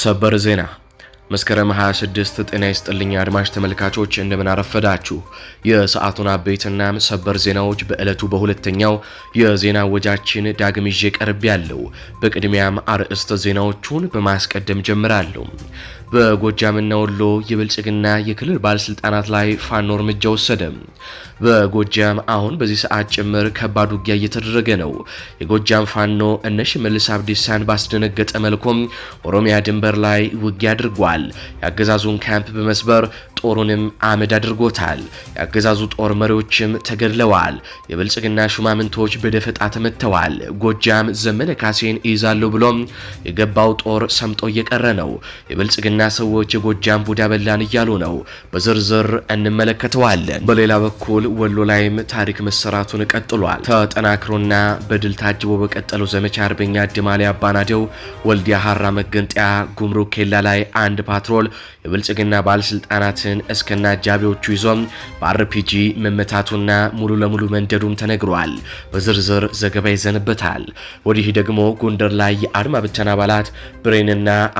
ሰበር ዜና መስከረም 26 ጤና ይስጥልኝ አድማጭ ተመልካቾች እንደምን አረፈዳችሁ። የሰዓቱን አበይትና ሰበር ዜናዎች በዕለቱ በሁለተኛው የዜና ወጃችን ዳግም ይዤ ቀርብ ያለው። በቅድሚያም አርዕስተ ዜናዎቹን በማስቀደም ጀምራለሁ። በጎጃምና ወሎ የብልጽግና የክልል ባለስልጣናት ላይ ፋኖ እርምጃ ወሰደ። በጎጃም አሁን በዚህ ሰዓት ጭምር ከባድ ውጊያ እየተደረገ ነው። የጎጃም ፋኖ እነ ሽመልስ አብዲሳን ባስደነገጠ መልኩም ኦሮሚያ ድንበር ላይ ውጊያ አድርጓል። የአገዛዙን ካምፕ በመስበር ጦሩንም አመድ አድርጎታል። የአገዛዙ ጦር መሪዎችም ተገድለዋል። የብልጽግና ሹማምንቶች በደፈጣ ተመተዋል። ጎጃም ዘመነ ካሴን እይዛለሁ ብሎም የገባው ጦር ሰምጦ እየቀረ ነው። የብልጽግና የብልጽግና ሰዎች የጎጃም ቡዳ በላን እያሉ ነው። በዝርዝር እንመለከተዋለን። በሌላ በኩል ወሎ ላይም ታሪክ መሰራቱን ቀጥሏል። ተጠናክሮና በድል ታጅቦ በቀጠለው ዘመቻ አርበኛ ድማሌ አባናደው ወልዲያ ሀራ መገንጠያ ጉምሩክ ኬላ ላይ አንድ ፓትሮል የብልጽግና ባለስልጣናትን እስከና አጃቢዎቹ ይዞም በአርፒጂ መመታቱና ሙሉ ለሙሉ መንደዱም ተነግሯል። በዝርዝር ዘገባ ይዘንበታል። ወዲህ ደግሞ ጎንደር ላይ የአድማ ብተና አባላት ብሬንና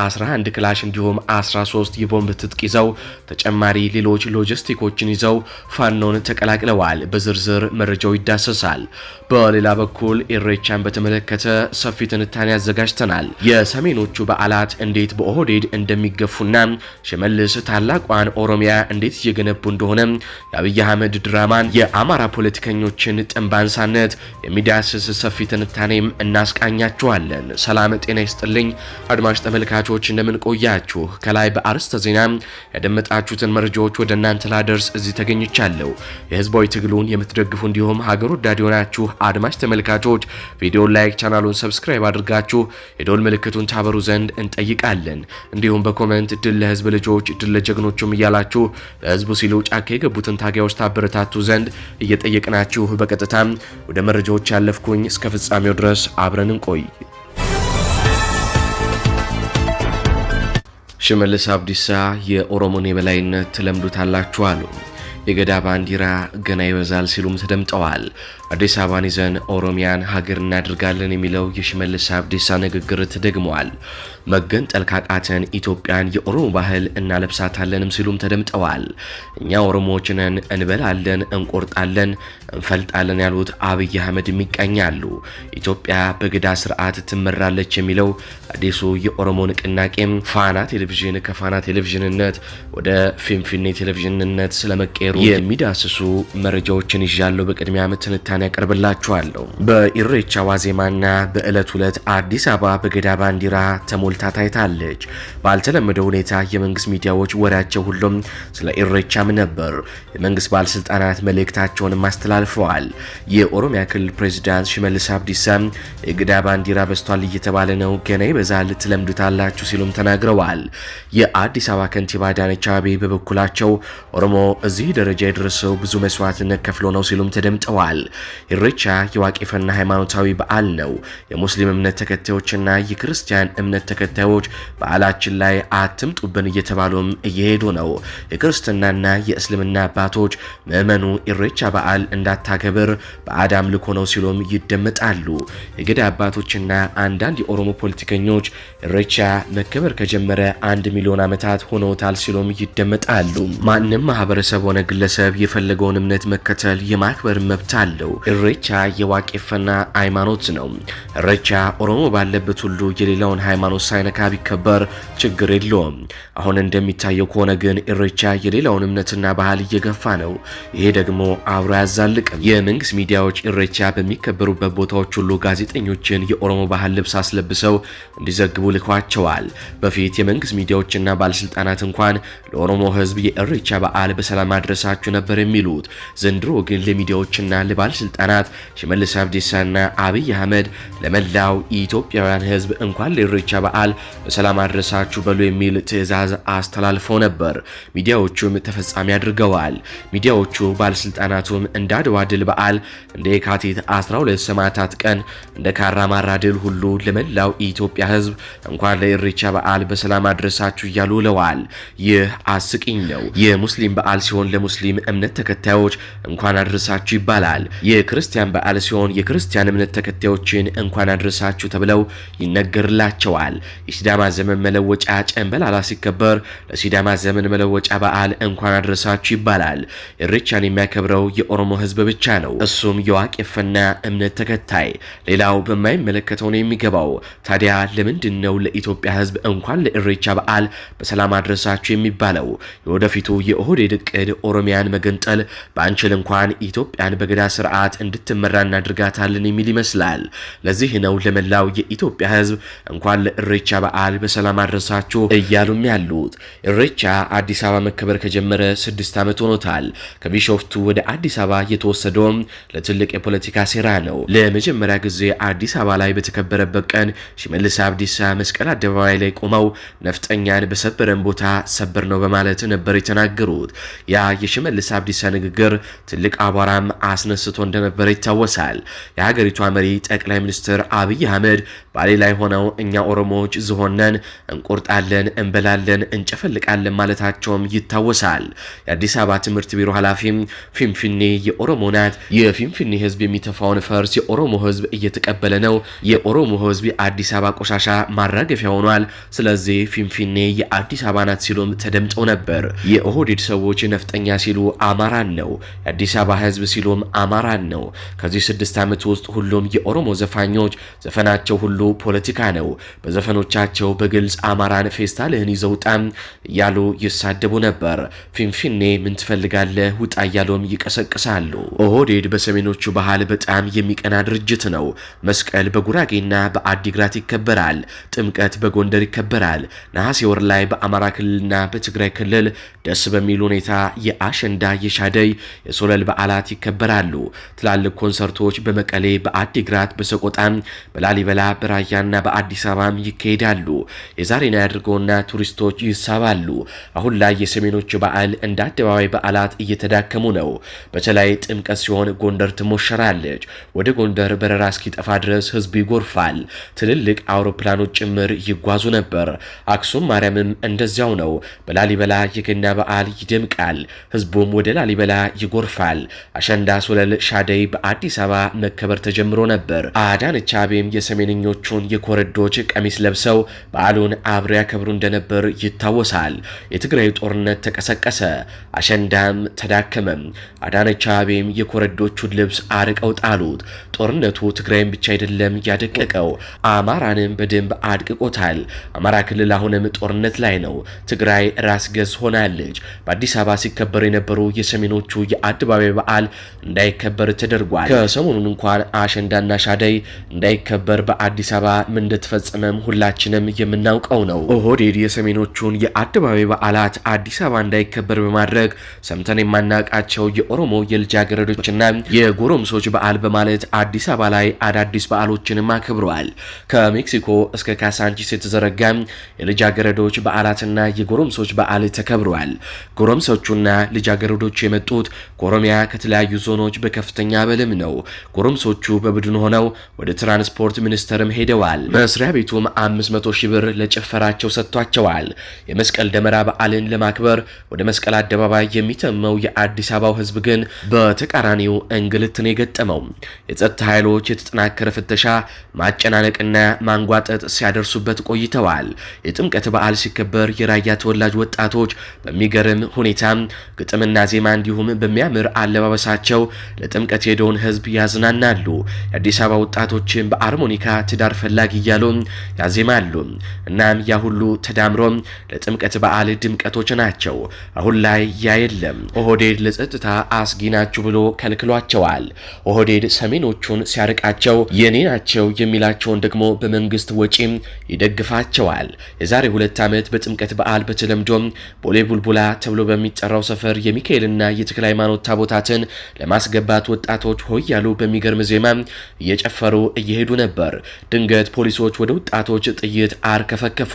11 ክላሽ እንዲሁም 13 የቦምብ ትጥቅ ይዘው ተጨማሪ ሌሎች ሎጂስቲኮችን ይዘው ፋኖን ተቀላቅለዋል። በዝርዝር መረጃው ይዳሰሳል። በሌላ በኩል ኢሬቻን በተመለከተ ሰፊ ትንታኔ አዘጋጅተናል። የሰሜኖቹ በዓላት እንዴት በኦህዴድ እንደሚገፉና ሽመልስ ታላቋን ኦሮሚያ እንዴት እየገነቡ እንደሆነ የአብይ አህመድ ድራማን የአማራ ፖለቲከኞችን ጥንባንሳነት የሚዳስስ ሰፊ ትንታኔም እናስቃኛችኋለን። ሰላም ጤና ይስጥልኝ አድማጭ ተመልካቾች እንደምን ቆያችሁ? ከላይ በአርስተ ዜና ያደመጣችሁትን መረጃዎች ወደ እናንተ ላደርስ እዚህ ተገኝቻለሁ። የህዝባዊ ትግሉን የምትደግፉ እንዲሁም ሀገር ወዳድ የሆናችሁ አድማጭ ተመልካቾች ቪዲዮን ላይክ፣ ቻናሉን ሰብስክራይብ አድርጋችሁ የዶል ምልክቱን ታበሩ ዘንድ እንጠይቃለን። እንዲሁም በኮመንት ድል ለህዝብ ልጆች፣ ድል ለጀግኖቹም እያላችሁ ለህዝቡ ሲሉ ጫካ የገቡትን ታጋዮች ታበረታቱ ዘንድ እየጠየቅናችሁ በቀጥታ ወደ መረጃዎች ያለፍኩኝ እስከ ፍጻሜው ድረስ አብረን እንቆይ። ሽመልስ አብዲሳ የኦሮሞን የበላይነት ትለምዱታላችሁ አሉ። የገዳ ባንዲራ ገና ይበዛል ሲሉም ተደምጠዋል። አዲስ አበባን ይዘን ኦሮሚያን ሀገር እናደርጋለን የሚለው የሽመልስ አብዲሳ ንግግር ተደግመዋል። መገንጠል ካቃተን ኢትዮጵያን የኦሮሞ ባህል እናለብሳታለንም ሲሉም ተደምጠዋል። እኛ ኦሮሞዎች ነን፣ እንበላለን፣ እንቆርጣለን፣ እንፈልጣለን ያሉት አብይ አህመድ ይቀኛሉ። ኢትዮጵያ በገዳ ስርዓት ትመራለች የሚለው አዲሱ የኦሮሞ ንቅናቄም ፋና ቴሌቪዥን ከፋና ቴሌቪዥንነት ወደ ፊንፊኔ ቴሌቪዥንነት ስለመቀየሩ የሚዳስሱ መረጃዎችን ይዣለሁ። በቅድሚያ ምትንታ መረጃን ያቀርብላችኋለሁ። በኢሬቻ ዋዜማና በዕለት ሁለት አዲስ አበባ በገዳ ባንዲራ ተሞልታ ታይታለች። ባልተለመደ ሁኔታ የመንግስት ሚዲያዎች ወሬያቸው ሁሉም ስለ ኢሬቻም ነበር። የመንግስት ባለስልጣናት መልእክታቸውንም አስተላልፈዋል። የኦሮሚያ ክልል ፕሬዚዳንት ሽመልስ አብዲሳ የገዳ ባንዲራ በስቷል እየተባለ ነው፣ ገና ይበዛል፣ ትለምዱታላችሁ ሲሉም ተናግረዋል። የአዲስ አበባ ከንቲባ አዳነች አቤቤ በበኩላቸው ኦሮሞ እዚህ ደረጃ የደረሰው ብዙ መስዋዕትነት ከፍሎ ነው ሲሉም ተደምጠዋል። ኢሬቻ የዋቄፈና ሃይማኖታዊ በዓል ነው። የሙስሊም እምነት ተከታዮችና የክርስቲያን እምነት ተከታዮች በዓላችን ላይ አትምጡብን እየተባሉም እየሄዱ ነው። የክርስትናና የእስልምና አባቶች ምዕመኑ ኢሬቻ በዓል እንዳታከብር በአድ አምልኮ ነው ሲሉም ይደመጣሉ። የገዳ አባቶችና አንዳንድ የኦሮሞ ፖለቲከኞች ኢሬቻ መከበር ከጀመረ አንድ ሚሊዮን ዓመታት ሆኖታል ሲሉም ይደመጣሉ። ማንም ማህበረሰብ ሆነ ግለሰብ የፈለገውን እምነት መከተል የማክበር መብት አለው። እሬቻ የዋቄፈና ሃይማኖት ነው። እሬቻ ኦሮሞ ባለበት ሁሉ የሌላውን ሃይማኖት ሳይነካ ቢከበር ችግር የለውም። አሁን እንደሚታየው ከሆነ ግን እሬቻ የሌላውን እምነትና ባህል እየገፋ ነው። ይሄ ደግሞ አብሮ አያዛልቅም። የመንግስት ሚዲያዎች እሬቻ በሚከበሩበት ቦታዎች ሁሉ ጋዜጠኞችን የኦሮሞ ባህል ልብስ አስለብሰው እንዲዘግቡ ልኳቸዋል። በፊት የመንግስት ሚዲያዎችና ባለስልጣናት እንኳን ለኦሮሞ ህዝብ የእሬቻ በዓል በሰላም አድረሳችሁ ነበር የሚሉት። ዘንድሮ ግን ለሚዲያዎችና ለባለስልጣናት ባለስልጣናት ሽመልስ አብዲሳና አብይ አህመድ ለመላው ኢትዮጵያውያን ህዝብ እንኳን ለኢሬቻ በዓል በሰላም አድረሳችሁ በሉ የሚል ትዕዛዝ አስተላልፈው ነበር። ሚዲያዎቹም ተፈጻሚ አድርገዋል። ሚዲያዎቹ ባለስልጣናቱም እንደ አድዋ ድል በዓል እንደ የካቲት 12 ሰማዕታት ቀን እንደ ካራ ማራ ድል ሁሉ ለመላው ኢትዮጵያ ህዝብ እንኳን ለኢሬቻ በዓል በሰላም አድረሳችሁ እያሉ ውለዋል። ይህ አስቂኝ ነው። የሙስሊም በዓል ሲሆን ለሙስሊም እምነት ተከታዮች እንኳን አድረሳችሁ ይባላል። የክርስቲያን በዓል ሲሆን የክርስቲያን እምነት ተከታዮችን እንኳን አድረሳችሁ ተብለው ይነገርላቸዋል። የሲዳማ ዘመን መለወጫ ጨንበላላ ሲከበር ለሲዳማ ዘመን መለወጫ በዓል እንኳን አድረሳችሁ ይባላል። እሬቻን የሚያከብረው የኦሮሞ ህዝብ ብቻ ነው። እሱም የዋቄፈና እምነት ተከታይ፣ ሌላው በማይመለከተው ነው የሚገባው። ታዲያ ለምንድን ነው ለኢትዮጵያ ህዝብ እንኳን ለእሬቻ በዓል በሰላም አድረሳችሁ የሚባለው? የወደፊቱ የኦህዴድ እቅድ ኦሮሚያን መገንጠል ባንችል እንኳን ኢትዮጵያን በገዳ ስርዓት ስርዓት እንድትመራ እናድርጋታለን የሚል ይመስላል። ለዚህ ነው ለመላው የኢትዮጵያ ህዝብ እንኳን ለእሬቻ በዓል በሰላም አድረሳችሁ እያሉም ያሉት። እሬቻ አዲስ አበባ መከበር ከጀመረ ስድስት ዓመት ሆኖታል። ከቢሾፍቱ ወደ አዲስ አበባ የተወሰደውም ለትልቅ የፖለቲካ ሴራ ነው። ለመጀመሪያ ጊዜ አዲስ አበባ ላይ በተከበረበት ቀን ሽመልስ አብዲሳ መስቀል አደባባይ ላይ ቆመው ነፍጠኛን በሰበረን ቦታ ሰበር ነው በማለት ነበር የተናገሩት። ያ የሽመልስ አብዲሳ ንግግር ትልቅ አቧራም አስነስቶ እንደነበረ ይታወሳል። የሀገሪቷ መሪ ጠቅላይ ሚኒስትር አብይ አህመድ ባሌ ላይ ሆነው እኛ ኦሮሞዎች ዝሆነን እንቆርጣለን፣ እንበላለን፣ እንጨፈልቃለን ማለታቸውም ይታወሳል። የአዲስ አበባ ትምህርት ቢሮ ኃላፊም ፊንፊኔ የኦሮሞ ናት፣ የፊንፊኔ ህዝብ የሚተፋውን ፈርስ የኦሮሞ ህዝብ እየተቀበለ ነው፣ የኦሮሞ ህዝብ የአዲስ አበባ ቆሻሻ ማራገፊያ ሆኗል፣ ስለዚህ ፊንፊኔ የአዲስ አበባ ናት ሲሉም ተደምጠው ነበር። የኦህዴድ ሰዎች ነፍጠኛ ሲሉ አማራን ነው፣ የአዲስ አበባ ህዝብ ሲሉም አማራ ዘፈን ነው። ከዚህ ስድስት ዓመት ውስጥ ሁሉም የኦሮሞ ዘፋኞች ዘፈናቸው ሁሉ ፖለቲካ ነው። በዘፈኖቻቸው በግልጽ አማራን ፌስታልህን ይዘው ውጣም እያሉ ይሳደቡ ነበር። ፊንፊኔ ምን ትፈልጋለህ ውጣ እያሉም ይቀሰቅሳሉ። ኦህዴድ በሰሜኖቹ ባህል በጣም የሚቀና ድርጅት ነው። መስቀል በጉራጌና በአዲግራት ይከበራል። ጥምቀት በጎንደር ይከበራል። ነሐሴ ወር ላይ በአማራ ክልልና በትግራይ ክልል ደስ በሚል ሁኔታ የአሸንዳ፣ የሻደይ፣ የሶለል በዓላት ይከበራሉ። ትላልቅ ኮንሰርቶች በመቀሌ፣ በአዲግራት፣ በሰቆጣም፣ በላሊበላ፣ በራያና በአዲስ አበባም ይካሄዳሉ። የዛሬን ያድርገውና ቱሪስቶች ይሳባሉ። አሁን ላይ የሰሜኖች በዓል እንደ አደባባይ በዓላት እየተዳከሙ ነው። በተለይ ጥምቀት ሲሆን ጎንደር ትሞሸራለች። ወደ ጎንደር በረራ እስኪጠፋ ድረስ ህዝብ ይጎርፋል። ትልልቅ አውሮፕላኖች ጭምር ይጓዙ ነበር። አክሱም ማርያምም እንደዚያው ነው። በላሊበላ የገና በዓል ይደምቃል። ህዝቡም ወደ ላሊበላ ይጎርፋል። አሸንዳ፣ ሶለል፣ ሻደ አደይ በአዲስ አበባ መከበር ተጀምሮ ነበር። አዳነች አቤቤም የሰሜንኞቹን የኮረዶች ቀሚስ ለብሰው በዓሉን አብረው ያከብሩ እንደነበር ይታወሳል። የትግራዩ ጦርነት ተቀሰቀሰ፣ አሸንዳም ተዳከመም። አዳነች አቤቤም የኮረዶቹን ልብስ አርቀው ጣሉት። ጦርነቱ ትግራይን ብቻ አይደለም ያደቀቀው፣ አማራንም በደንብ አድቅቆታል። አማራ ክልል አሁንም ጦርነት ላይ ነው። ትግራይ ራስ ገዝ ሆናለች። በአዲስ አበባ ሲከበር የነበሩ የሰሜኖቹ የአደባባይ በዓል እንዳይከበር እንዲከበር ተደርጓል። ከሰሞኑን እንኳን አሸንዳና ሻደይ እንዳይከበር በአዲስ አበባ ምን እንደተፈጸመም ሁላችንም የምናውቀው ነው። ኦህዴድ የሰሜኖቹን የአደባባይ በዓላት አዲስ አበባ እንዳይከበር በማድረግ ሰምተን የማናውቃቸው የኦሮሞ የልጃገረዶችና የጎረምሶች በዓል በማለት አዲስ አበባ ላይ አዳዲስ በዓሎችንም አክብረዋል። ከሜክሲኮ እስከ ካሳንቺስ የተዘረጋ የልጃገረዶች በዓላትና የጎረምሶች በዓል ተከብረዋል። ጎረምሶቹና ልጃገረዶች የመጡት ከኦሮሚያ ከተለያዩ ዞኖች በከፍተ ከፍተኛ በልም ነው። ጎረምሶቹ በቡድን ሆነው ወደ ትራንስፖርት ሚኒስቴርም ሄደዋል። መስሪያ ቤቱም 500 ሺህ ብር ለጭፈራቸው ሰጥቷቸዋል። የመስቀል ደመራ በዓልን ለማክበር ወደ መስቀል አደባባይ የሚተመው የአዲስ አበባው ህዝብ ግን በተቃራኒው ነው የገጠመው የጸጥታ ኃይሎች የተጠናከረ ፍተሻ፣ ማጨናነቅና ማንጓጠጥ ሲያደርሱበት ቆይተዋል። የጥምቀት በዓል ሲከበር የራያ ተወላጅ ወጣቶች በሚገርም ሁኔታ ግጥምና ዜማ እንዲሁም በሚያምር አለባበሳቸው ለጥምቀ ርቀት የሄደውን ህዝብ ያዝናናሉ። የአዲስ አበባ ወጣቶችን በአርሞኒካ ትዳር ፈላጊ እያሉ ያዜማሉ። እናም ያ ሁሉ ተዳምሮ ለጥምቀት በዓል ድምቀቶች ናቸው። አሁን ላይ ያ የለም። ኦህዴድ ለጸጥታ አስጊ ናችሁ ብሎ ከልክሏቸዋል። ኦህዴድ ሰሜኖቹን ሲያርቃቸው የኔ ናቸው የሚላቸውን ደግሞ በመንግስት ወጪም ይደግፋቸዋል። የዛሬ ሁለት ዓመት በጥምቀት በዓል በተለምዶ ቦሌ ቡልቡላ ተብሎ በሚጠራው ሰፈር የሚካኤልና የተክለ ሃይማኖት ታቦታትን ለማስገባት ወጣቶች ሆይ ያሉ በሚገርም ዜማ እየጨፈሩ እየሄዱ ነበር። ድንገት ፖሊሶች ወደ ወጣቶች ጥይት አርከፈከፉ።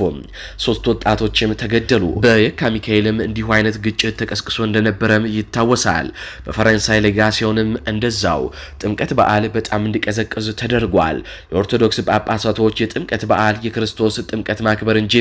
ሶስት ወጣቶችም ተገደሉ። በየካ ሚካኤልም እንዲሁ አይነት ግጭት ተቀስቅሶ እንደነበረም ይታወሳል። በፈረንሳይ ሌጋ ሲሆንም እንደዛው ጥምቀት በዓል በጣም እንዲቀዘቅዝ ተደርጓል። የኦርቶዶክስ ጳጳሳቶች የጥምቀት በዓል የክርስቶስ ጥምቀት ማክበር እንጂ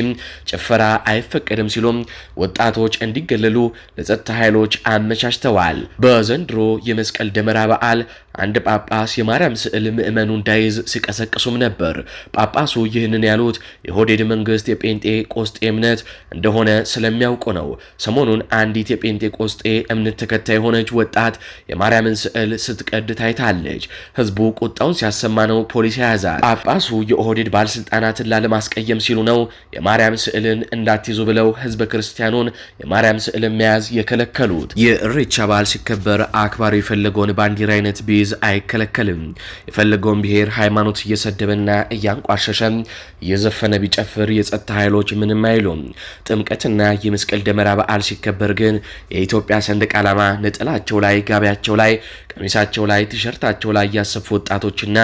ጭፈራ አይፈቀድም ሲሉም ወጣቶች እንዲገለሉ ለጸጥታ ኃይሎች አመቻችተዋል። በዘንድሮ የመስቀል ደመራ على አንድ ጳጳስ የማርያም ስዕል ምዕመኑ እንዳይዝ ሲቀሰቅሱም ነበር። ጳጳሱ ይህንን ያሉት የሆዴድ መንግስት የጴንጤ ቆስጤ እምነት እንደሆነ ስለሚያውቁ ነው። ሰሞኑን አንዲት የጴንጤ ቆስጤ እምነት ተከታይ የሆነች ወጣት የማርያምን ስዕል ስትቀድ ታይታለች። ህዝቡ ቁጣውን ሲያሰማ ነው ፖሊስ ያዛል። ጳጳሱ የኦህዴድ ባለስልጣናትን ላለማስቀየም ሲሉ ነው የማርያም ስዕልን እንዳትይዙ ብለው ህዝበ ክርስቲያኑን የማርያም ስዕል መያዝ የከለከሉት። የእሬቻ በዓል ሲከበር አክባሪ የፈለገውን ባንዲራ አይነት ቢይዝ እንዲይዝ አይከለከልም። የፈለገውን ብሔር ሃይማኖት እየሰደበና እያንቋሸሸ እየዘፈነ ቢጨፍር የጸጥታ ኃይሎች ምንም አይሉም። ጥምቀትና የመስቀል ደመራ በዓል ሲከበር ግን የኢትዮጵያ ሰንደቅ ዓላማ ነጠላቸው ላይ፣ ጋቢያቸው ላይ ቀሚሳቸው ላይ ቲሸርታቸው ላይ ያሰፉ ወጣቶችና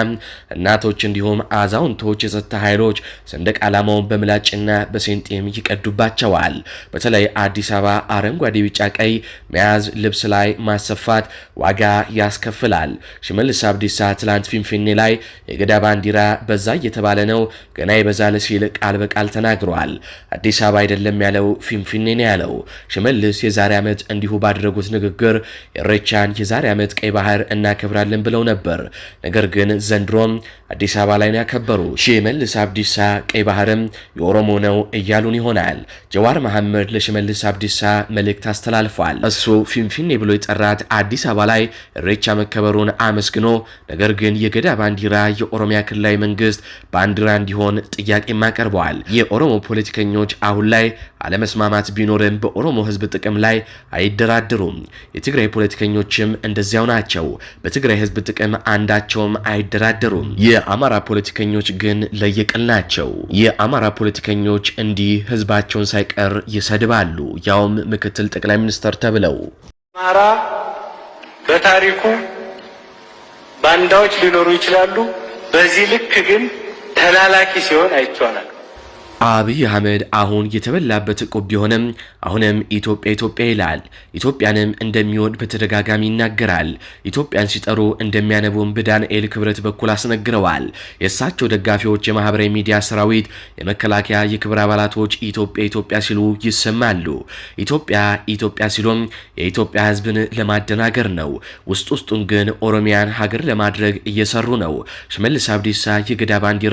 እናቶች እንዲሁም አዛውንቶች የጸጥታ ኃይሎች ሰንደቅ ዓላማውን በምላጭና በሴንጤም ይቀዱባቸዋል። በተለይ አዲስ አበባ አረንጓዴ፣ ቢጫ፣ ቀይ መያዝ ልብስ ላይ ማሰፋት ዋጋ ያስከፍላል። ሽመልስ አብዲሳ ትላንት ፊንፊኔ ላይ የገዳ ባንዲራ በዛ እየተባለ ነው ገና ይበዛል ሲል ቃል በቃል ተናግሯል። አዲስ አበባ አይደለም ያለው ፊንፊኔ ነው ያለው ሽመልስ የዛሬ ዓመት እንዲሁ ባደረጉት ንግግር የሬቻን የዛሬ ዓመት ቀይ ባህር እናከብራለን ብለው ነበር። ነገር ግን ዘንድሮም አዲስ አበባ ላይ ነው ያከበሩ። ሽመልስ አብዲሳ ቀይ ባህርም የኦሮሞ ነው እያሉን ይሆናል። ጀዋር መሐመድ ለሽመልስ አብዲሳ መልእክት አስተላልፏል። እሱ ፊንፊኔ ብሎ የጠራት አዲስ አበባ ላይ እሬቻ መከበሩን አመስግኖ ነገር ግን የገዳ ባንዲራ የኦሮሚያ ክልላዊ መንግስት ባንዲራ እንዲሆን ጥያቄም አቀርበዋል። የኦሮሞ ፖለቲከኞች አሁን ላይ አለመስማማት ቢኖርም በኦሮሞ ህዝብ ጥቅም ላይ አይደራደሩም። የትግራይ ፖለቲከኞችም እንደዚያው ናቸው። ናቸው። በትግራይ ህዝብ ጥቅም አንዳቸውም አይደራደሩም። የአማራ ፖለቲከኞች ግን ለየቅል ናቸው። የአማራ ፖለቲከኞች እንዲህ ህዝባቸውን ሳይቀር ይሰድባሉ፣ ያውም ምክትል ጠቅላይ ሚኒስተር ተብለው። አማራ በታሪኩ ባንዳዎች ሊኖሩ ይችላሉ። በዚህ ልክ ግን ተላላኪ ሲሆን አይቼዋለሁ። አብይ አህመድ አሁን የተበላበት ቆብ ቢሆንም አሁንም ኢትዮጵያ ኢትዮጵያ ይላል። ኢትዮጵያንም እንደሚወድ በተደጋጋሚ ይናገራል። ኢትዮጵያን ሲጠሩ እንደሚያነቡም በዳንኤል ክብረት በኩል አስነግረዋል። የእሳቸው ደጋፊዎች፣ የማህበራዊ ሚዲያ ሰራዊት፣ የመከላከያ የክብር አባላቶች ኢትዮጵያ ኢትዮጵያ ሲሉ ይሰማሉ። ኢትዮጵያ ኢትዮጵያ ሲሉም የኢትዮጵያ ህዝብን ለማደናገር ነው። ውስጥ ውስጡን ግን ኦሮሚያን ሀገር ለማድረግ እየሰሩ ነው። ሽመልስ አብዲሳ የገዳ ባንዲራ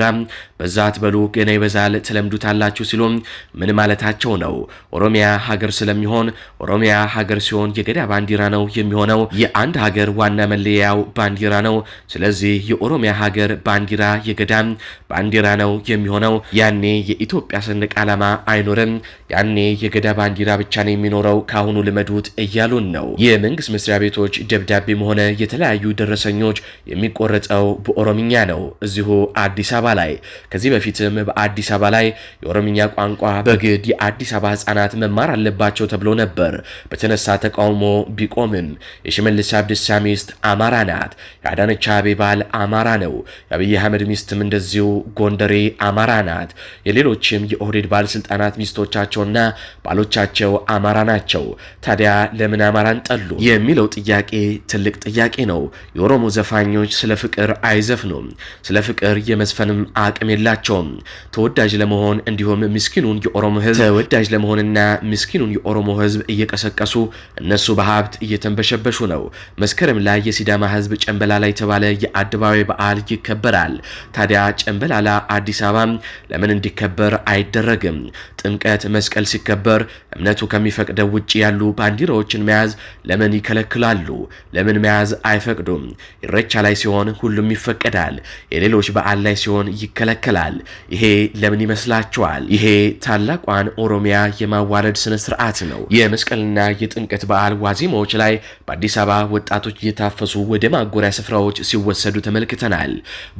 በዛት በሉ ገና ይበዛል ተለምዱ ታላችሁ ሲሉም ምን ማለታቸው ነው? ኦሮሚያ ሀገር ስለሚሆን ኦሮሚያ ሀገር ሲሆን የገዳ ባንዲራ ነው የሚሆነው። የአንድ ሀገር ዋና መለያው ባንዲራ ነው። ስለዚህ የኦሮሚያ ሀገር ባንዲራ የገዳም ባንዲራ ነው የሚሆነው። ያኔ የኢትዮጵያ ሰንደቅ ዓላማ አይኖርም። ያኔ የገዳ ባንዲራ ብቻ ነው የሚኖረው። ከአሁኑ ልመዱት እያሉን ነው። የመንግስት መስሪያ ቤቶች ደብዳቤም ሆነ የተለያዩ ደረሰኞች የሚቆረጠው በኦሮምኛ ነው፣ እዚሁ አዲስ አበባ ላይ። ከዚህ በፊትም በአዲስ አበባ ላይ የኦሮምኛ ቋንቋ በግድ የአዲስ አበባ ህጻናት መማር አለባቸው ተብሎ ነበር በተነሳ ተቃውሞ ቢቆምም የሽመልስ አብዲሳ ሚስት አማራ ናት። የአዳነች አቤ ባል አማራ ነው። የአብይ አህመድ ሚስትም እንደዚሁ ጎንደሬ አማራ ናት። የሌሎችም የኦህዴድ ባለስልጣናት ሚስቶቻቸውና ባሎቻቸው አማራ ናቸው። ታዲያ ለምን አማራን ጠሉ የሚለው ጥያቄ ትልቅ ጥያቄ ነው። የኦሮሞ ዘፋኞች ስለ ፍቅር አይዘፍኑም። ስለ ፍቅር የመዝፈንም አቅም የላቸውም። ተወዳጅ ለመሆን እንዲሁም ምስኪኑን የኦሮሞ ህዝብ ተወዳጅ ለመሆንና ምስኪኑን የኦሮሞ ህዝብ እየቀሰቀሱ እነሱ በሀብት እየተንበሸበሹ ነው። መስከረም ላይ የሲዳማ ህዝብ ጨንበላላ የተባለ የአደባባይ በዓል ይከበራል። ታዲያ ጨንበላላ አዲስ አበባ ለምን እንዲከበር አይደረግም? ጥምቀት፣ መስቀል ሲከበር እምነቱ ከሚፈቅደው ውጭ ያሉ ባንዲራዎችን መያዝ ለምን ይከለክላሉ? ለምን መያዝ አይፈቅዱም? ኢሬቻ ላይ ሲሆን ሁሉም ይፈቀዳል። የሌሎች በዓል ላይ ሲሆን ይከለከላል። ይሄ ለምን ይመስላል? ይላቸዋል። ይሄ ታላቋን ኦሮሚያ የማዋለድ ስነ ስርዓት ነው። የመስቀልና የጥምቀት በዓል ዋዜማዎች ላይ በአዲስ አበባ ወጣቶች እየታፈሱ ወደ ማጎሪያ ስፍራዎች ሲወሰዱ ተመልክተናል።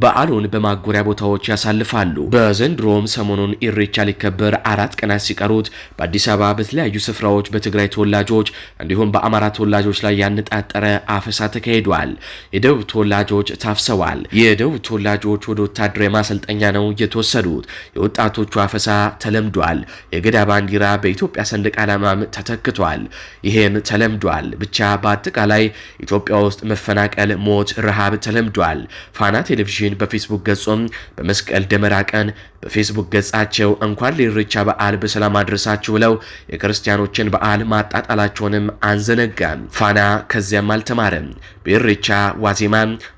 በዓሉን በማጎሪያ ቦታዎች ያሳልፋሉ። በዘንድሮም ሰሞኑን ኢሬቻ ሊከበር አራት ቀናት ሲቀሩት በአዲስ አበባ በተለያዩ ስፍራዎች በትግራይ ተወላጆች እንዲሁም በአማራ ተወላጆች ላይ ያነጣጠረ አፈሳ ተካሂዷል። የደቡብ ተወላጆች ታፍሰዋል። የደቡብ ተወላጆች ወደ ወታደራዊ ማሰልጠኛ ነው የተወሰዱት። የወጣቶ የወንጀለኞቹ አፈሳ ተለምዷል። የገዳ ባንዲራ በኢትዮጵያ ሰንደቅ ዓላማም ተተክቷል። ይህም ተለምዷል። ብቻ በአጠቃላይ ኢትዮጵያ ውስጥ መፈናቀል፣ ሞት፣ ረሃብ ተለምዷል። ፋና ቴሌቪዥን በፌስቡክ ገጹም በመስቀል ደመራ ቀን በፌስቡክ ገጻቸው እንኳን ለኢሬቻ በዓል በሰላም አድረሳችሁ ብለው የክርስቲያኖችን በዓል ማጣጣላቸውንም አንዘነጋም። ፋና ከዚያም አልተማረም። በኢሬቻ ዋዜማ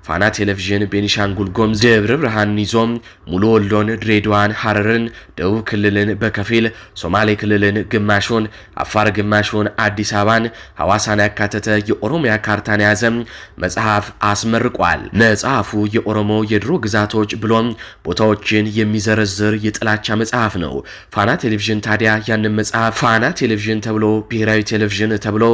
ፋና ቴሌቪዥን ቤኒሻንጉል ጉሙዝ ደብረ ብርሃንን ይዞም ሙሉ ወሎን፣ ድሬዳዋን፣ ሐረርን ደቡብ ክልልን በከፊል ሶማሌ ክልልን ግማሹን፣ አፋር ግማሹን፣ አዲስ አበባን፣ ሐዋሳን ያካተተ የኦሮሚያ ካርታን የያዘ መጽሐፍ አስመርቋል። መጽሐፉ የኦሮሞ የድሮ ግዛቶች ብሎም ቦታዎችን የሚዘረዝር የጥላቻ መጽሐፍ ነው። ፋና ቴሌቪዥን ታዲያ ያንን መጽሐፍ ፋና ቴሌቪዥን ተብሎ ብሔራዊ ቴሌቪዥን ተብሎ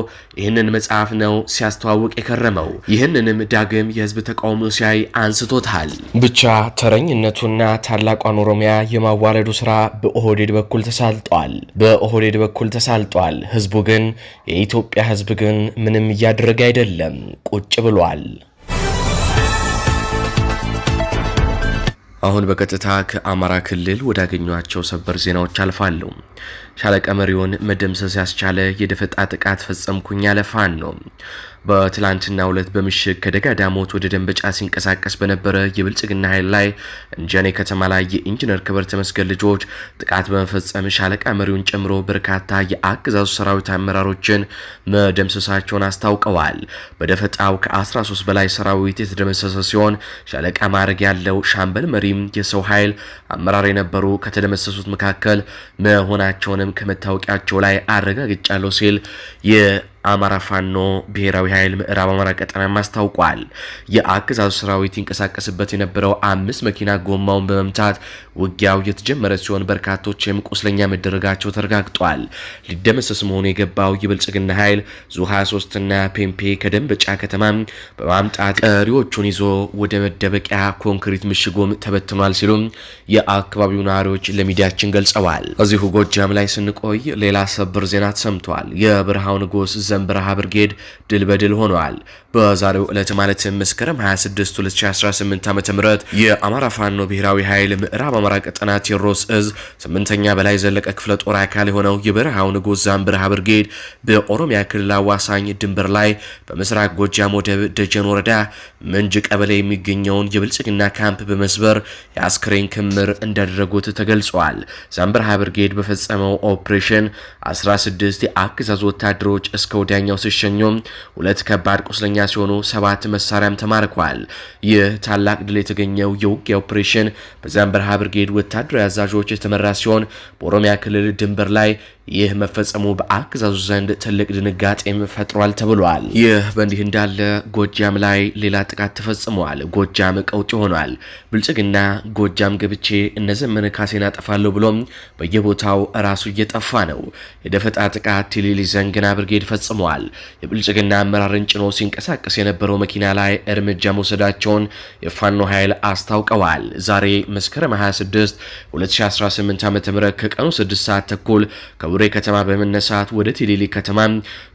ይህንን መጽሐፍ ነው ሲያስተዋውቅ የከረመው። ይህንንም ዳግም የህዝብ ተቃውሞ ሲያይ አንስቶታል። ብቻ ተረኝነቱና ታላቋን ኦሮሚያ የማዋለዱ ስራ በኦህዴድ በኩል ተሳልጧል በኦህዴድ በኩል ተሳልጧል። ህዝቡ ግን የኢትዮጵያ ህዝብ ግን ምንም እያደረገ አይደለም፣ ቁጭ ብሏል። አሁን በቀጥታ ከአማራ ክልል ወዳገኟቸው ሰበር ዜናዎች አልፋለሁ። ሻለቃ መሪውን መደምሰስ ያስቻለ የደፈጣ ጥቃት ፈጸምኩኝ ያለ ፋኖ ነው። ሁለት በምሽግ በምሽት ከደጋዳሞት ወደ ደንበጫ ሲንቀሳቀስ በነበረ የብልጽግና ኃይል ላይ እንጃኔ ከተማ ላይ የኢንጂነር ክብር ተመስገን ልጆች ጥቃት በመፈጸም ሻለቃ መሪውን ጨምሮ በርካታ የአገዛዙ ሰራዊት አመራሮችን መደምሰሳቸውን አስታውቀዋል። በደፈጣው ከ13 በላይ ሰራዊት የተደመሰሰ ሲሆን ሻለቃ ማዕረግ ያለው ሻምበል መሪም የሰው ኃይል አመራር የነበሩ ከተደመሰሱት መካከል መሆናቸውንም ከመታወቂያቸው ላይ አረጋግጫለሁ ሲል የ አማራ ፋኖ ብሔራዊ ኃይል ምዕራብ አማራ ቀጠናም አስታውቋል። የአገዛዙ ሰራዊት ይንቀሳቀስበት የነበረው አምስት መኪና ጎማውን በመምታት ውጊያው የተጀመረ ሲሆን በርካቶች የምቁስለኛ መደረጋቸው ተረጋግጧል። ሊደመሰስ መሆኑ የገባው የብልጽግና ኃይል ዙ 23ና ፔምፔ ከደንበጫ ከተማ በማምጣት ቀሪዎቹን ይዞ ወደ መደበቂያ ኮንክሪት ምሽጎም ተበትኗል ሲሉም የአካባቢው ነዋሪዎች ለሚዲያችን ገልጸዋል። እዚሁ ጎጃም ላይ ስንቆይ ሌላ ሰብር ዜና ተሰምቷል። የብርሃው ንጉስ የዳሰን ብርጌድ ድል በድል ሆነዋል። በዛሬው ዕለት ማለትም መስከረም 26 2018 ዓ ም የአማራ ፋኖ ብሔራዊ ኃይል ምዕራብ አማራ ቀጠና ቴዎድሮስ እዝ ስምንተኛ በላይ ዘለቀ ክፍለ ጦር አካል የሆነው የበረሃው ንጉሥ ዛንብረሃ ብርጌድ በኦሮሚያ ክልል አዋሳኝ ድንበር ላይ በምስራቅ ጎጃም ወደብ ደጀን ወረዳ ምንጅ ቀበሌ የሚገኘውን የብልጽግና ካምፕ በመስበር የአስክሬን ክምር እንዳደረጉት ተገልጿል። ዛንብረሃ ብርጌድ በፈጸመው ኦፕሬሽን 16 የአገዛዙ ወታደሮች እስከ ከወዲያኛው ሲሸኙ ሁለት ከባድ ቁስለኛ ሲሆኑ ሰባት መሳሪያም ተማርኳል። ይህ ታላቅ ድል የተገኘው የውጊያ ኦፕሬሽን በዛምበረሃ ብርጌድ ወታደራዊ አዛዦች የተመራ ሲሆን በኦሮሚያ ክልል ድንበር ላይ ይህ መፈጸሙ በአገዛዙ ዘንድ ትልቅ ድንጋጤም ፈጥሯል ተብሏል። ይህ በእንዲህ እንዳለ ጎጃም ላይ ሌላ ጥቃት ተፈጽመዋል። ጎጃም ቀውጥ ይሆኗል። ብልጽግና ጎጃም ገብቼ እነ ዘመነ ካሴን አጠፋለሁ ብሎም በየቦታው ራሱ እየጠፋ ነው። የደፈጣ ጥቃት ቲሊሊ ዘንግና ብርጌድ ፈጽ ፈጽመዋል። የብልጽግና አመራርን ጭኖ ሲንቀሳቀስ የነበረው መኪና ላይ እርምጃ መውሰዳቸውን የፋኖ ኃይል አስታውቀዋል። ዛሬ መስከረም 26 2018 ዓ ም ከቀኑ 6 ሰዓት ተኩል ከቡሬ ከተማ በመነሳት ወደ ቴሌሊ ከተማ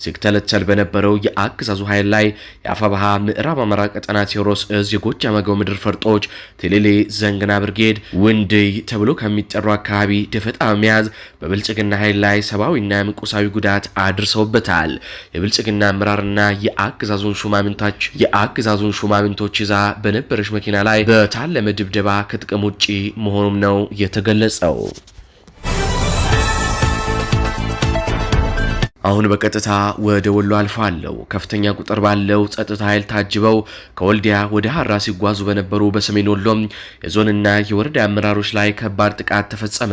ሲተለተል በነበረው የአገዛዙ ኃይል ላይ የአፋባሃ ምዕራብ አማራ ቀጠና ቴዎድሮስ እዝ የጎጃ መገው ምድር ፈርጦች ቴሌሌ ዘንግና ብርጌድ ውንድይ ተብሎ ከሚጠሩ አካባቢ ደፈጣ በመያዝ በብልጽግና ኃይል ላይ ሰብአዊና ቁሳዊ ጉዳት አድርሰውበታል። የብልጽግና አመራርና የአገዛዙን ሹማምንታች የአገዛዙን ሹማምንቶች ይዛ በነበረች መኪና ላይ በታለመ ድብደባ ከጥቅም ውጪ መሆኑም ነው የተገለጸው። አሁን በቀጥታ ወደ ወሎ አልፋለሁ። ከፍተኛ ቁጥር ባለው ጸጥታ ኃይል ታጅበው ከወልዲያ ወደ ሀራ ሲጓዙ በነበሩ በሰሜን ወሎም የዞንና የወረዳ አመራሮች ላይ ከባድ ጥቃት ተፈጸመ።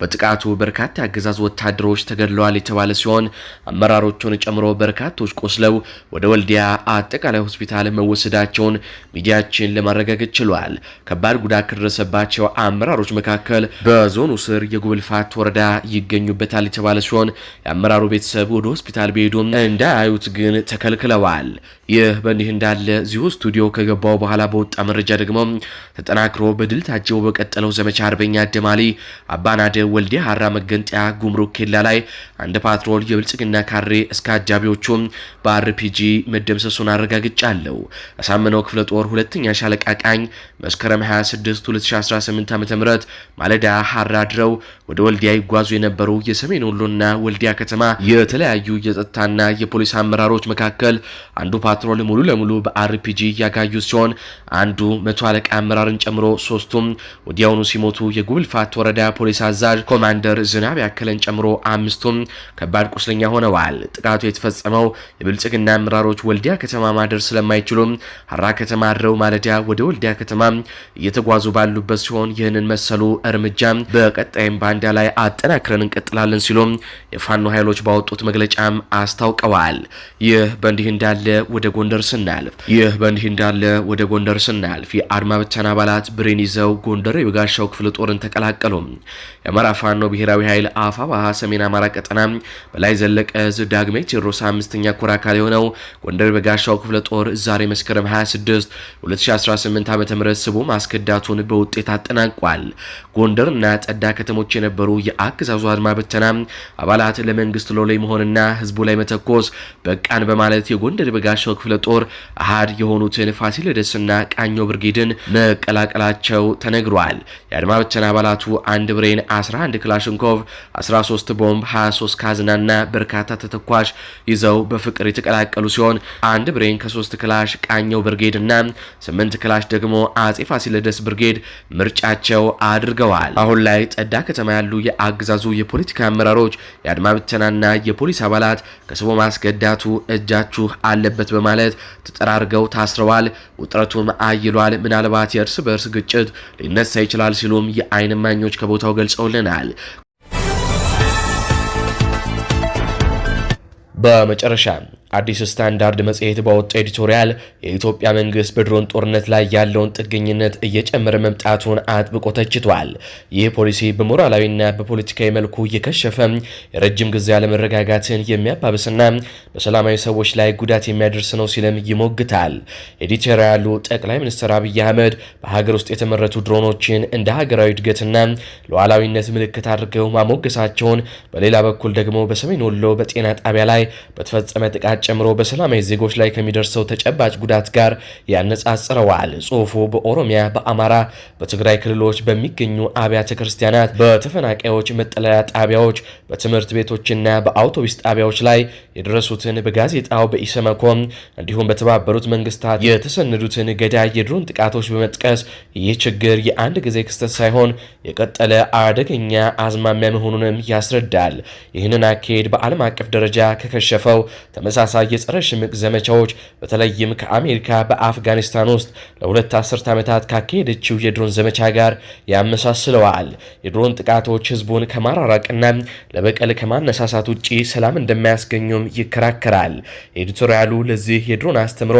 በጥቃቱ በርካታ የአገዛዝ ወታደሮች ተገድለዋል የተባለ ሲሆን አመራሮቹን ጨምሮ በርካቶች ቆስለው ወደ ወልዲያ አጠቃላይ ሆስፒታል መወሰዳቸውን ሚዲያችን ለማረጋገጥ ችሏል። ከባድ ጉዳት ከደረሰባቸው አመራሮች መካከል በዞኑ ስር የጉብልፋት ወረዳ ይገኙበታል የተባለ ሲሆን የአመራሩ ቤት ቤተሰብ ወደ ሆስፒታል ቢሄዱም እንዳያዩት ግን ተከልክለዋል። ይህ በእንዲህ እንዳለ ዚሁ ስቱዲዮ ከገባው በኋላ በወጣ መረጃ ደግሞ ተጠናክሮ በድል ታጅቦ በቀጠለው ዘመቻ አርበኛ አደማሊ አባናደ ወልዴ ሀራ መገንጠያ ጉምሩክ ኬላ ላይ አንድ ፓትሮል የብልጽግና ካሬ እስከ አጃቢዎቹ በአርፒጂ መደምሰሱን አረጋግጫለሁ። አሳምነው ክፍለ ጦር ሁለተኛ ሻለቃ ቃኝ መስከረም 26 2018 ዓ ም ማለዳ ሀራ አድረው ወደ ወልዲያ ይጓዙ የነበሩ የሰሜን ወሎና ወልዲያ ከተማ የተለያዩ የጸጥታና የፖሊስ አመራሮች መካከል አንዱ ፓትሮል ሙሉ ለሙሉ በአርፒጂ እያጋዩ ሲሆን አንዱ መቶ አለቃ አመራርን ጨምሮ ሶስቱም ወዲያውኑ ሲሞቱ የጉብልፋት ወረዳ ፖሊስ አዛዥ ኮማንደር ዝናብ ያከለን ጨምሮ አምስቱም ከባድ ቁስለኛ ሆነዋል። ጥቃቱ የተፈጸመው የብልጽግና አመራሮች ወልዲያ ከተማ ማደር ስለማይችሉም ሀራ ከተማ አድረው ማለዳ ወደ ወልዲያ ከተማ እየተጓዙ ባሉበት ሲሆን ይህንን መሰሉ እርምጃም በቀጣይም ባንዳ ላይ አጠናክረን እንቀጥላለን ሲሉም የፋኖ ኃይሎች ባወጡ ባወጡት መግለጫም አስታውቀዋል። ይህ በእንዲህ እንዳለ ወደ ጎንደር ስናልፍ ይህ በእንዲህ እንዳለ ወደ ጎንደር ስናልፍ የአድማ ብተና አባላት ብሬን ይዘው ጎንደር የበጋሻው ክፍለ ጦርን ተቀላቀሉ። የአማራ ፋኖ ብሔራዊ ኃይል አፋ አፋባሃ ሰሜን አማራ ቀጠና በላይ ዘለቀ ዕዝ ዳግሜ ቴዎድሮስ አምስተኛ ኮር አካል የሆነው ጎንደር የበጋሻው ክፍለ ጦር ዛሬ መስከረም 26 2018 ዓ ም ስቡ ማስከዳቱን በውጤት አጠናቋል። ጎንደርና ጠዳ ከተሞች የነበሩ የአገዛዙ አድማ ብተና አባላት ለመንግስት ሎሌ መሆንና ህዝቡ ላይ መተኮስ በቃን በማለት የጎንደር የበጋሻው ክፍለ ጦር አሃድ የሆኑትን ፋሲለደስና ቃኞ ብርጌድን መቀላቀላቸው ተነግሯል። የአድማ ብተና አባላቱ አንድ ብሬን፣ 11 ክላሽንኮቭ፣ 13 ቦምብ፣ 23 ካዝናና በርካታ ተተኳሽ ይዘው በፍቅር የተቀላቀሉ ሲሆን አንድ ብሬን ከሶስት ክላሽ ቃኘው ብርጌድ እና 8 ክላሽ ደግሞ አጼ ፋሲለደስ ብርጌድ ምርጫቸው አድርገዋል። አሁን ላይ ጠዳ ከተማ ያሉ የአገዛዙ የፖለቲካ አመራሮች የአድማ ብተናና የፖሊስ አባላት ከስቦ ማስገዳቱ እጃችሁ አለበት በማለት ተጠራርገው ታስረዋል። ውጥረቱም አይሏል። ምናልባት የእርስ በእርስ ግጭት ሊነሳ ይችላል ሲሉም የአይን ማኞች ከቦታው ገልጸውልናል። በመጨረሻ አዲስ ስታንዳርድ መጽሔት ባወጣ ኤዲቶሪያል የኢትዮጵያ መንግስት በድሮን ጦርነት ላይ ያለውን ጥገኝነት እየጨመረ መምጣቱን አጥብቆ ተችቷል። ይህ ፖሊሲ በሞራላዊና በፖለቲካዊ መልኩ እየከሸፈ የረጅም ጊዜ አለመረጋጋትን የሚያባብስና በሰላማዊ ሰዎች ላይ ጉዳት የሚያደርስ ነው ሲልም ይሞግታል። ኤዲቶሪያሉ ጠቅላይ ሚኒስትር አብይ አህመድ በሀገር ውስጥ የተመረቱ ድሮኖችን እንደ ሀገራዊ እድገትና ሉዓላዊነት ምልክት አድርገው ማሞገሳቸውን፣ በሌላ በኩል ደግሞ በሰሜን ወሎ በጤና ጣቢያ ላይ በተፈጸመ ጥቃት ጥቃት ጨምሮ በሰላማዊ ዜጎች ላይ ከሚደርሰው ተጨባጭ ጉዳት ጋር ያነጻጽረዋል። ጽሁፉ በኦሮሚያ፣ በአማራ፣ በትግራይ ክልሎች በሚገኙ አብያተ ክርስቲያናት፣ በተፈናቃዮች መጠለያ ጣቢያዎች፣ በትምህርት ቤቶችና በአውቶቢስ ጣቢያዎች ላይ የደረሱትን በጋዜጣው በኢሰመኮም እንዲሁም በተባበሩት መንግስታት የተሰነዱትን ገዳይ የድሮን ጥቃቶች በመጥቀስ ይህ ችግር የአንድ ጊዜ ክስተት ሳይሆን የቀጠለ አደገኛ አዝማሚያ መሆኑንም ያስረዳል። ይህንን አካሄድ በዓለም አቀፍ ደረጃ ከከሸፈው ተመሳሳይ ተመሳሳይ የጸረ ሽምቅ ዘመቻዎች በተለይም ከአሜሪካ በአፍጋኒስታን ውስጥ ለሁለት አስርት ዓመታት ካካሄደችው የድሮን ዘመቻ ጋር ያመሳስለዋል። የድሮን ጥቃቶች ህዝቡን ከማራራቅና ለበቀል ከማነሳሳት ውጭ ሰላም እንደማያስገኙም ይከራከራል። ኤዲቶሪያሉ ለዚህ የድሮን አስተምሮ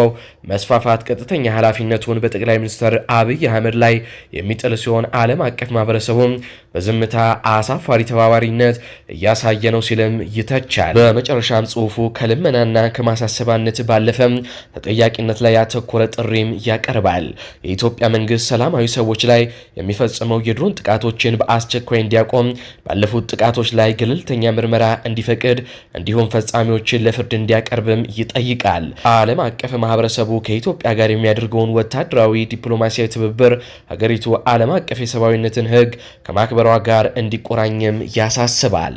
መስፋፋት ቀጥተኛ ኃላፊነቱን በጠቅላይ ሚኒስትር አብይ አህመድ ላይ የሚጥል ሲሆን ዓለም አቀፍ ማህበረሰቡም በዝምታ አሳፋሪ ተባባሪነት እያሳየ ነው ሲልም ይተቻል። በመጨረሻም ጽሁፉ ከልመናና ማሳሰቢያና ከማሳሰባነት ባለፈ ተጠያቂነት ላይ ያተኮረ ጥሪም ያቀርባል። የኢትዮጵያ መንግስት ሰላማዊ ሰዎች ላይ የሚፈጽመው የድሮን ጥቃቶችን በአስቸኳይ እንዲያቆም፣ ባለፉት ጥቃቶች ላይ ገለልተኛ ምርመራ እንዲፈቅድ እንዲሁም ፈጻሚዎችን ለፍርድ እንዲያቀርብም ይጠይቃል። ዓለም አቀፍ ማህበረሰቡ ከኢትዮጵያ ጋር የሚያደርገውን ወታደራዊ ዲፕሎማሲያዊ ትብብር ሀገሪቱ ዓለም አቀፍ የሰብአዊነትን ህግ ከማክበሯ ጋር እንዲቆራኝም ያሳስባል።